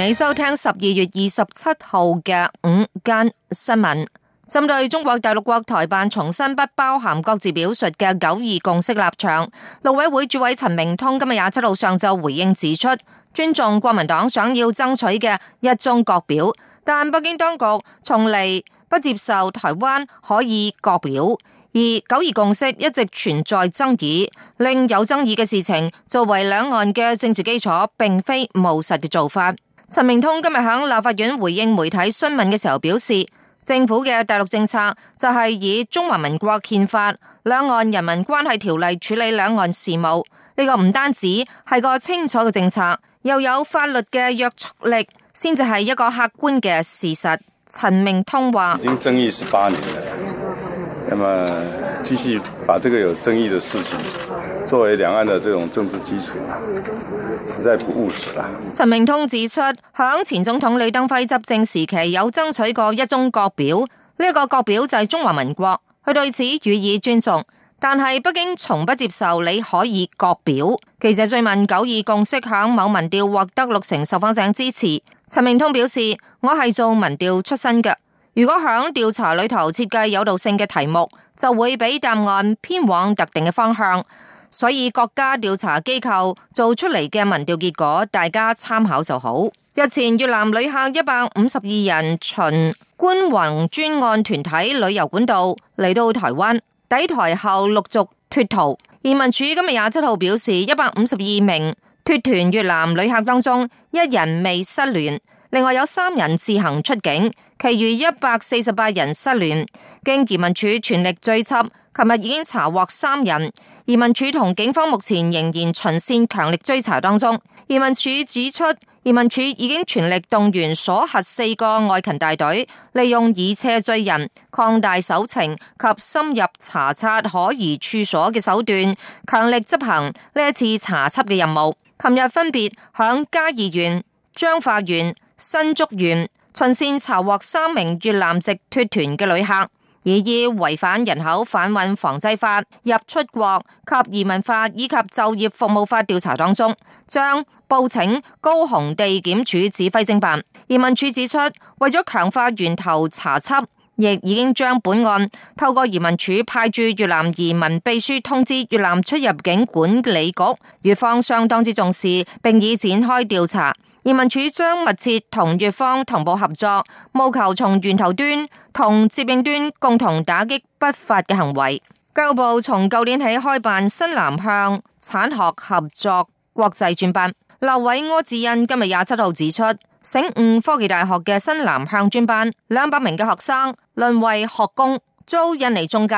你收聽十二月二十七號嘅午間新聞，針對中國大陸國台辦重申不包含各自表述嘅九二共識立場，陸委會主委陳明通今日廿七號上晝回應指出，尊重國民黨想要爭取嘅一中各表，但北京當局從嚟不接受台灣可以各表，而九二共識一直存在爭議，令有爭議嘅事情作為兩岸嘅政治基礎，並非務實嘅做法。陳明通今日喺立法院回應媒體詢問嘅時候表示，政府嘅大陸政策就係以《中華民國憲法》《兩岸人民關係條例》處理兩岸事務，呢個唔單止係個清楚嘅政策，又有法律嘅約束力，先至係一個客觀嘅事實。陳明通話：「已經爭議十八年喇，咁麼繼續把這個有爭議的事情。作為兩岸嘅這種政治基礎，實在不務實啦。陳明通指出，響前總統李登輝執政時期有爭取過一中各表呢一個各表，這個、各表就係中華民國。佢對此予以尊重，但係北京從不接受你可以各表。記者追問九二共識響某民調獲得六成受訪者支持，陳明通表示：我係做民調出身嘅，如果響調查裏頭設計有導性嘅題目，就會俾答案偏往特定嘅方向。所以國家調查機構做出嚟嘅民調結果，大家參考就好。日前越南旅客一百五十二人，循觀宏專案團體旅遊管道嚟到台灣，抵台後陸續脱逃。移民署今日廿七號表示，一百五十二名脱團越南旅客當中，一人未失聯，另外有三人自行出境，其餘一百四十八人失聯，經移民署全力追緝。琴日已經查獲三人，移民署同警方目前仍然循線強力追查當中。移民署指出，移民署已經全力動員所轄四個外勤大隊，利用以車追人、擴大搜證及深入查察可疑處所嘅手段，強力執行呢一次查緝嘅任務。琴日分別響嘉義縣、彰化縣、新竹縣循線查獲三名越南籍脫團嘅旅客。以依違反人口販運防制法、入出國及移民法以及就業服務法調查當中，將報請高雄地檢署指揮偵辦。移民署指出，為咗強化源頭查緝，亦已經將本案透過移民署派駐越南移民秘書通知越南出入境管理局，越方相當之重視，並已展開調查。移民署將密切同越方同步合作，務求從源頭端同接應端共同打擊不法嘅行為。教育部從舊年起開辦新南向產學合作國際專班。劉偉柯志恩今日廿七號指出，醒吾科技大學嘅新南向專班兩百名嘅學生，淪為學工，遭印尼中介、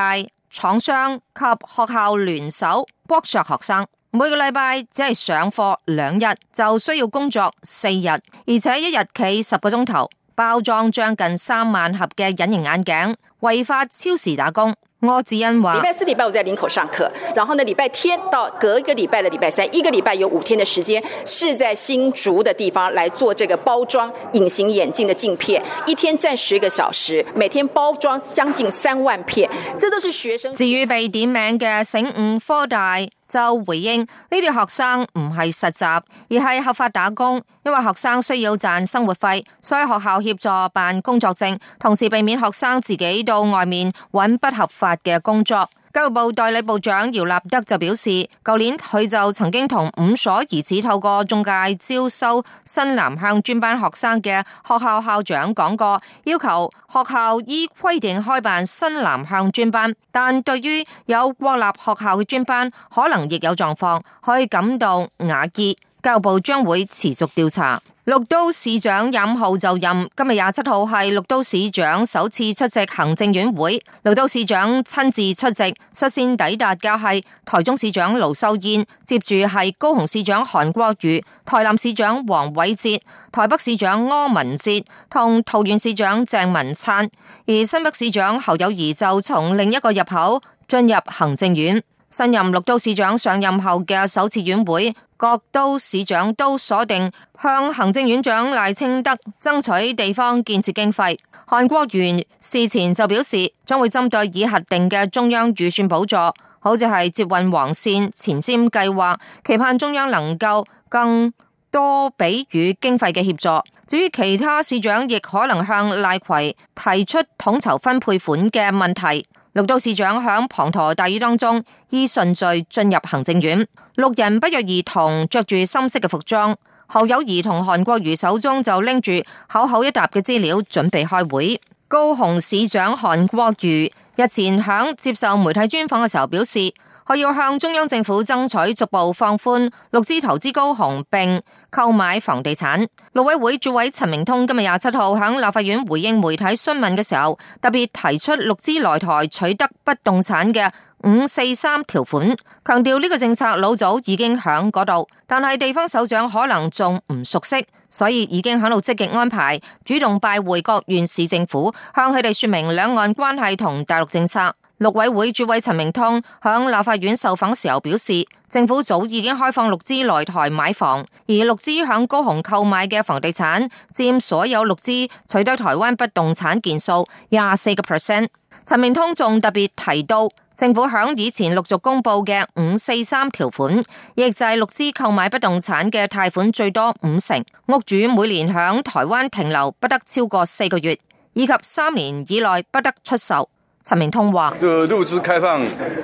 廠商及學校聯手剝削學生。每個禮拜只係上課兩日，就需要工作四日，而且一日企十個鐘頭，包裝將近三萬盒嘅隱形眼鏡，違法超時打工。柯志恩話：禮拜四、禮拜五在林口上課，然後呢，禮拜天到隔一個禮拜的禮拜三，一個禮拜有五天的時間，是在新竹的地方來做這個包裝隱形眼鏡的鏡片，一天站十個小時，每天包裝將近三萬片，這都是學生。至於被點名嘅醒吾科大，就回應呢啲學生唔係實習，而係合法打工，因為學生需要賺生活費，所以學校協助辦工作證，同時避免學生自己到外面揾不合法嘅工作。教育部代理部長姚立德就表示，舊年佢就曾經同五所疑似透過中介招收新南向專班學生嘅學校校長講過，要求學校依規定開辦新南向專班，但對於有國立學校嘅專班，可能亦有狀況，可以感到訝異。教育部將會持續調查。六都市長廿五號就任，今日廿七號係六都市長首次出席行政院會，六都市長親自出席。率先抵達嘅係台中市長盧秀燕，接住係高雄市長韓國瑜、台南市長黃偉哲、台北市長柯文哲同桃園市長鄭文燦，而新北市長侯友宜就從另一個入口進入行政院。新任六都市長上任後嘅首次院會，各都市長都鎖定向行政院長賴清德爭取地方建設經費。韓國瑜事前就表示，將會針對已核定嘅中央預算補助，好似係捷運黃線前瞻計劃，期盼中央能夠更多俾予經費嘅協助。至於其他市長，亦可能向賴揆提出統籌分配款嘅問題。六都市長喺滂沱大雨當中依順序進入行政院，六人不約而同着住深色嘅服裝，侯友宜同韓國瑜手中就拎住厚厚一沓嘅資料，準備開會。高雄市長韓國瑜日前響接受媒體專訪嘅時候表示。佢要向中央政府爭取逐步放寬陸資投資高雄，並購買房地產。陸委會主委陳明通今日廿七號響立法院回應媒體詢問嘅時候，特別提出陸資來台取得不動產嘅五四三條款，強調呢個政策老早已經響嗰度，但係地方首長可能仲唔熟悉，所以已經響度積極安排，主動拜會各縣市政府，向佢哋說明兩岸關係同大陸政策。陸委會主委陳明通響立法院受訪時候表示，政府早已經開放陸資來台買房，而陸資響高雄購買嘅房地產占所有陸資取得台灣不動產件數廿四個 percent。陳明通仲特別提到，政府響以前陸續公布嘅五四三條款，亦就係陸資購買不動產嘅貸款最多五成，屋主每年響台灣停留不得超過四個月，以及三年以內不得出售。陳明通話：就陸資開放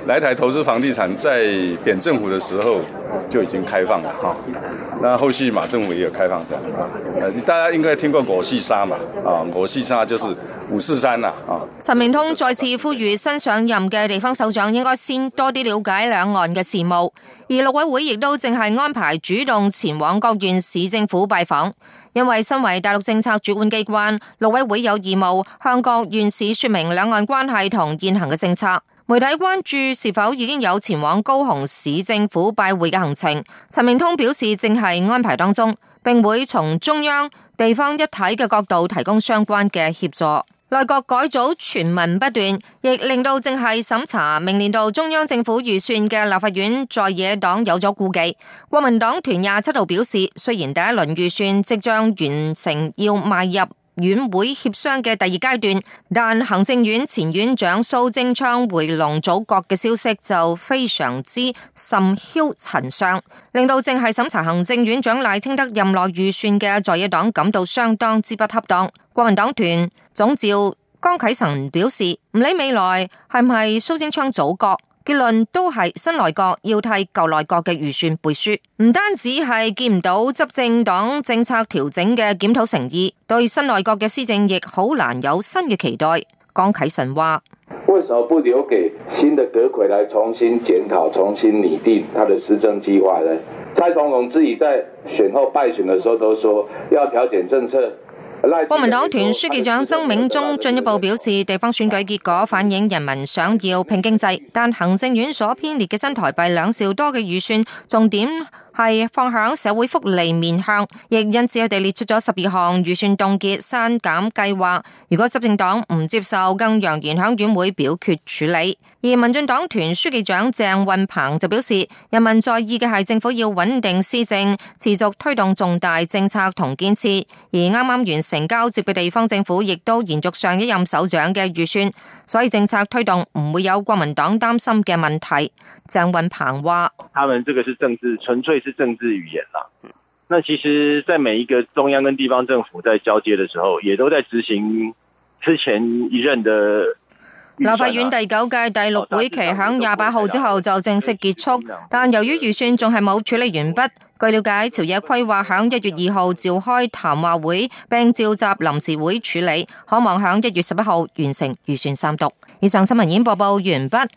來台投資房地產，在扁政府的時候就已經開放啦，哈。那後續馬政府也有開放咁。大家應該聽過國細沙嘛？啊，國細沙就是五四三啦，啊。陳明通再次呼籲新上任嘅地方首長應該先多啲了解兩岸嘅事務，而陸委會亦都正係安排主動前往各縣市政府拜訪，因為身為大陸政策主管機關，陸委會有義務向各縣市說明兩岸關係。同現行嘅政策，媒體關注是否已經有前往高雄市政府拜會嘅行程。陳明通表示正係安排當中，並會從中央地方一體嘅角度提供相關嘅協助。內閣改組傳聞不斷，亦令到正係審查明年度中央政府預算嘅立法院在野黨有咗顧忌。國民黨團廿七號表示，雖然第一輪預算即將完成，要邁入。院會協商嘅第二階段，但行政院前院長蘇貞昌回鍋組閣嘅消息就非常之甚囂塵上，令到正係審查行政院長賴清德任內預算嘅在野黨感到相當之不恰當。國民黨團總召江啟臣表示：唔理未來係唔係蘇貞昌組閣。結論都係新內閣要替舊內閣嘅預算背書，唔單止係見唔到執政黨政策調整嘅檢討誠意，對新內閣嘅施政亦好難有新嘅期待。江啟臣話：「為什麼不留給新的閣揆來重新檢討、重新擬定他的施政計劃呢？蔡總統自己在選後敗選嘅時候都說要調整政策。國民黨團書記長曾銘宗進一步表示，地方選舉結果反映人民想要拼經濟，但行政院所編列嘅新臺幣兩兆多嘅預算重點。係放響社會福利面向，亦因此佢哋列出咗十二項預算凍結、刪減計劃。如果執政黨唔接受，更揚言響院會表決處理。而民進黨團書記長鄭運鵬就表示：人民在意嘅係政府要穩定施政，持續推動重大政策同建設。而啱啱完成交接嘅地方政府亦都延續上一任首長嘅預算，所以政策推動唔會有國民黨擔心嘅問題。鄭運鵬話：他們這個是政治純粹。政治語言啦。那其實，在每一個中央跟地方政府在交接的時候，也都在執行之前一任的。立法院第九屆第六會期響廿八號之後就正式結束，但由於預算仲係冇處理完畢。據了解，朝野規劃響一月二號召開談話會，並召集臨時會處理，可望響一月十一號完成預算三讀。以上新聞已經播報完畢。